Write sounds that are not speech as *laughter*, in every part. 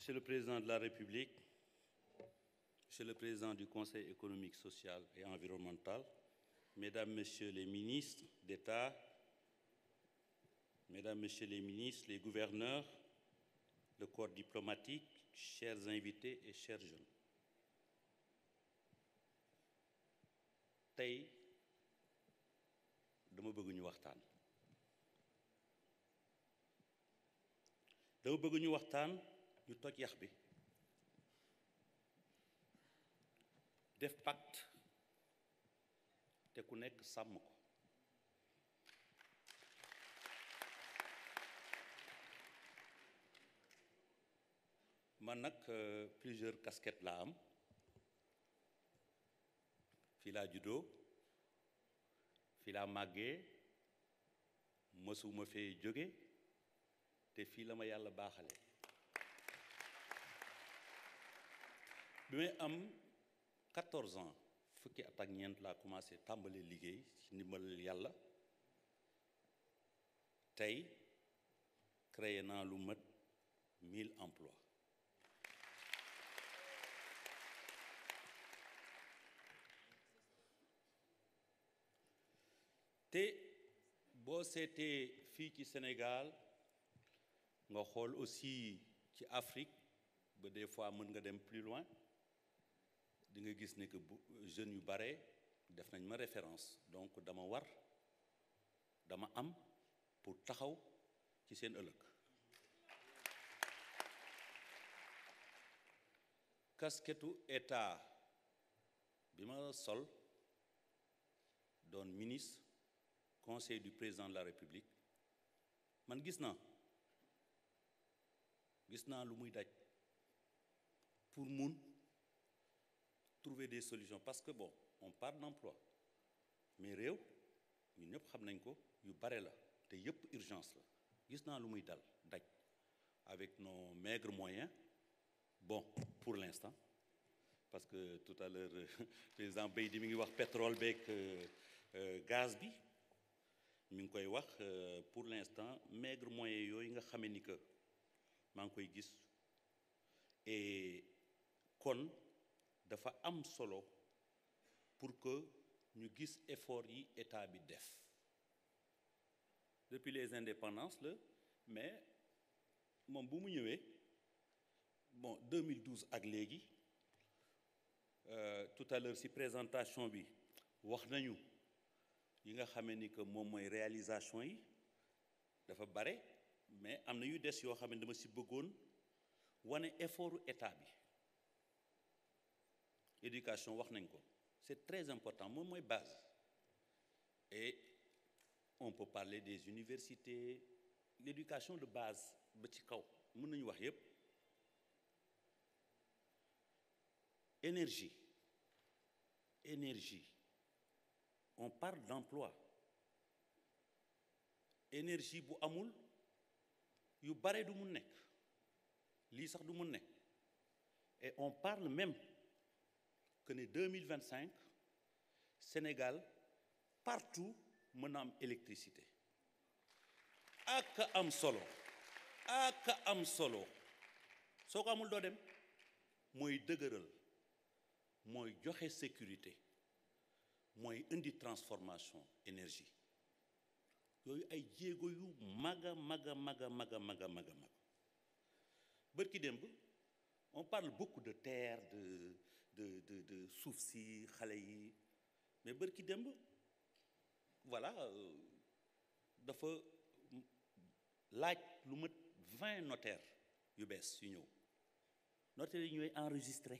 Monsieur le Président de la République, Monsieur le Président du Conseil économique, social et environnemental, Mesdames, Messieurs les ministres d'État, Mesdames, Messieurs les ministres, les gouverneurs, le corps diplomatique, chers invités et chers jeunes. tey dama bëgg ñu waxtaan dama bëgg ñu waxtaan ñu toj yax bi def pacte te ku nekk sàmm ko man nag euh, plusieurs casquettes laa am fii laa juddoo fii laa màggee mësuma fee jóge te fii la ma yàlla baaxale bi may am 14 ans fukki at ak ñeent laa commencé tàmbali liggéey ci ndimbal yàlla tey créé naa lu mat 1000 emplois te boo seetee fii ci Sénégal nga xool aussi ci Afrique ba des fois mën nga dem plus loin di nga gis ne que bu jeunes yu bare def nañ ma référence donc dama war dama am pour taxaw ci seen ëllëg kasketu état bi ma sol doon ministre conseil du président de la république man gis naa gis naa lu muy daj pour mun trouver des solutions parce que bon on parle d'emploi mais réew ñun ñëpp xam nañ ko yu bare la te yëpp urgence la gis naa lu muy dal daj avec no maigres moyens bon pour l'instant parce que tout à l'heure *laughs* président bay di mi ngi wax pétrole beeg euh, euh, gaz bi mi ngi koy wax euh, pour l'instant maigre moyen yooyu nga xamee ni que maa ngi koy gis et kon dafa am solo pour que ñu gis effort yi état bi def depuis les indépendances la mais moom bu mu ñëwee bon 2012 ak léegi euh, tout à l'heure ci présentation bi wax nañu yi nga xamee ni que moom mooy réalisation yi dafa bare mais am na yu des yoo xam ne dama ci bëggoon wane effortu état bi éducation wax nañ ko c'est très important moom mooy base e on peut parler des universités éducation de base ba ci kaw mun nañu wax yépp énergie énergie on parle d'emploi énergie bu amul yu bare du mu nekk lii sax du mu nekk et on parle même que ne deux mille vingt cinq Sénégal partout mën na am électricité ak ah, am solo ak ah, am solo soo ko amul doo dem mooy dëgëral mooy joxe sécurité mooy indi transformation énergie yooyu ay jéego yu mag a mag a mag a mag a mag a mag a mag bërki démb on parle beaucoup de terre de de de de suuf si xale yi mais bërki démb voilà euh, dafa laaj lu mat vingt notaires yu bees yu ñëw notaires yi ñooy enregistré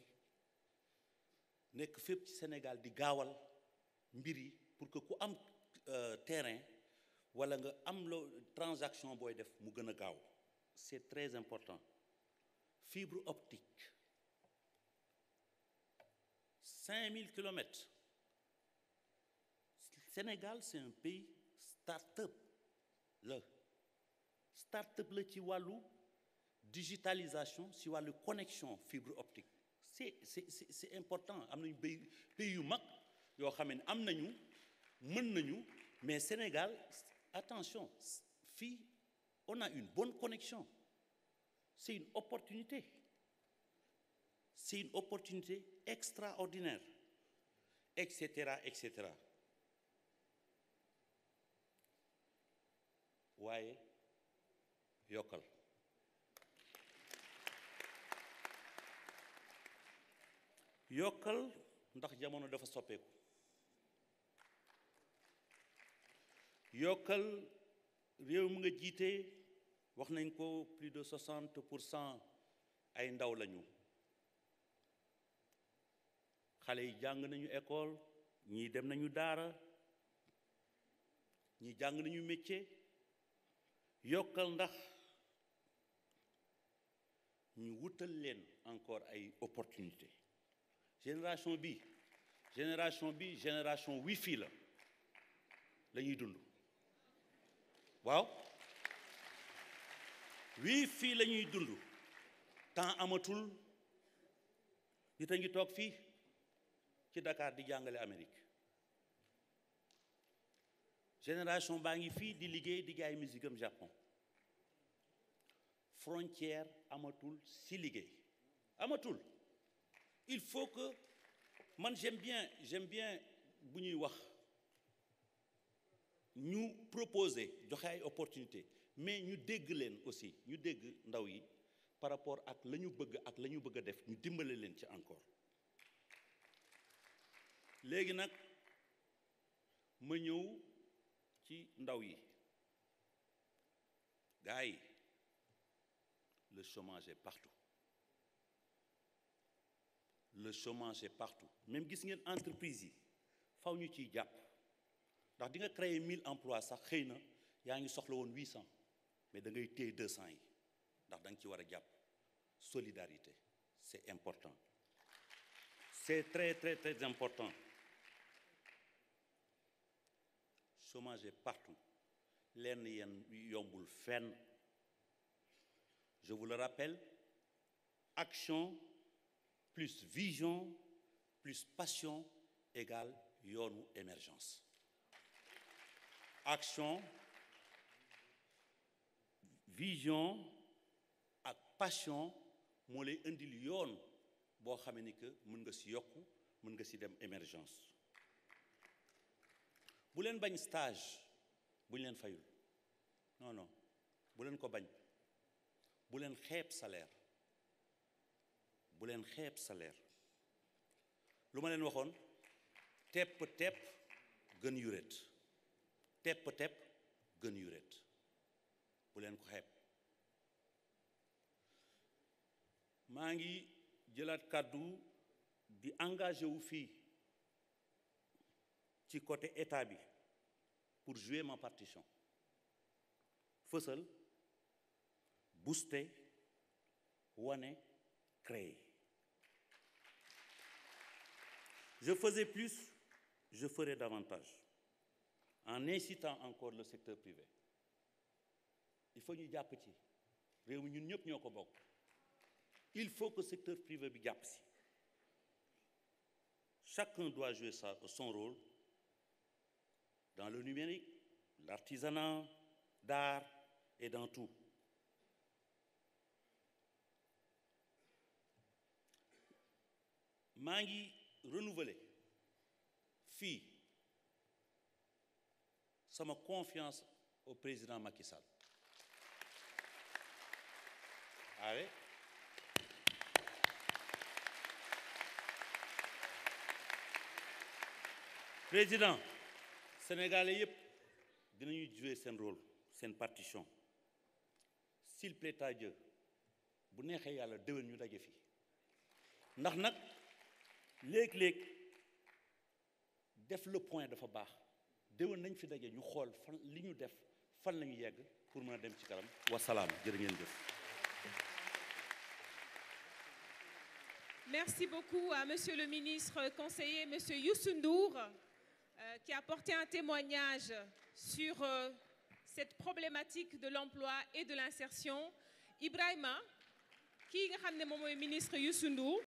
nekk fépp ci Sénégal di gaawal mbir yi pour que ku am euh, terrain walla nga am la transaction booy def mu gën a gaaw c'est très important fibre optique 5000 kilomètres. Sénégal c'est un pays start-up la start-up la ci wàllu digitalisation ci wàllu connexion fibre optique c'est c'est important am nañu pays pays yu mag yoo xam ne am nañu mën nañu mais Sénégal attention fii on a une bonne connexion c'est une opportunité c'est une opportunité extraordinaire, etc., etc. waaye yokkal yokkal ndax jamono dafa soppeeku yokkal réew mu nga jiite wax nañ ko plus de 60 pour cent ay ndaw lañu xale yi jàng nañu école ñii dem nañu daara ñii jàng nañu métier yokkal ndax ñu wutal leen encore ay opportunité génération bi génération bi génération wifi la la lañuy dund waaw wifi la lañuy dund temps amatul nit a toog fii ci Dakar di jàngale Amérique génération baa ngi fii di liggéey di jaay musique am Japon frontière amatul si liggéey amatul il faut que man j'aime bien j'aime bien bu ñuy wax ñu proposer joxe ay opportunité mais ñu dégg leen aussi ñu dégg ndaw yi par rapport ak la ñu bëgg ak la ñu bëgg a def ñu dimbale leen ci encore léegi nag ma ñëw ci ndaw yi gars yi le chômage est partout le chômage est partout même gis ngeen entreprise yi faw ñu ciy jàpp ndax di nga créer mille emplois sax xëy na yaa ngi soxla woon 800 mais da ngay téye 200 yi ndax danga ci war a jàpp solidarité c'est important c'est très très très important chômage est partout lenn yenn yombul fenn je vous le rappelle action plus vision plus passion égale yoonu émergence action vision ak passion moo lay indil yoon boo xamee ni que mën nga ci yokk mën nga ci dem émergence bu leen bañ stage bu ñu leen fayul non non bu leen ko bañ bu leen xeeb salaire bu leen xeeb salaire lu ma leen waxoon tepp tepp gën yuret tepp tepp gën yuret bu leen ko xeeb maa ngi jëlaat kàddu di engagé wu fii ci côté état bi pour jouer ma partition fësal booster wane créer je faisais plus je ferai davantage en incitant encore le secteur privé il faut ñu jàpp ci réew mi ñun ñëpp ñoo ko bokk il faut que secteur privé bi jàpp si chacun doit jouer sa son rôle dans le numérique, l'artisanat, d'art et dans tout. maa ngi renouveler fii sama confiance au président Macky ah président sénégalais yëpp dinañu jouer seen rôle seen partition s'il bu neexee yàlla déwén ñu daje fi ndax nag léeg-léeg def le point dafa baax déwén nañ fi daje ñu xool li ñu def fan lañu yegg pour mën a dem ci kanam wasalaam jërë ngeen jëf Merci beaucoup Monsieur le ministre conseiller, Monsieur Youssou qui a apporté un témoignage sur euh, cette problématique de l'emploi et de l'insertion Ibrahima kii nga xam ne moom mooy ministre Youssou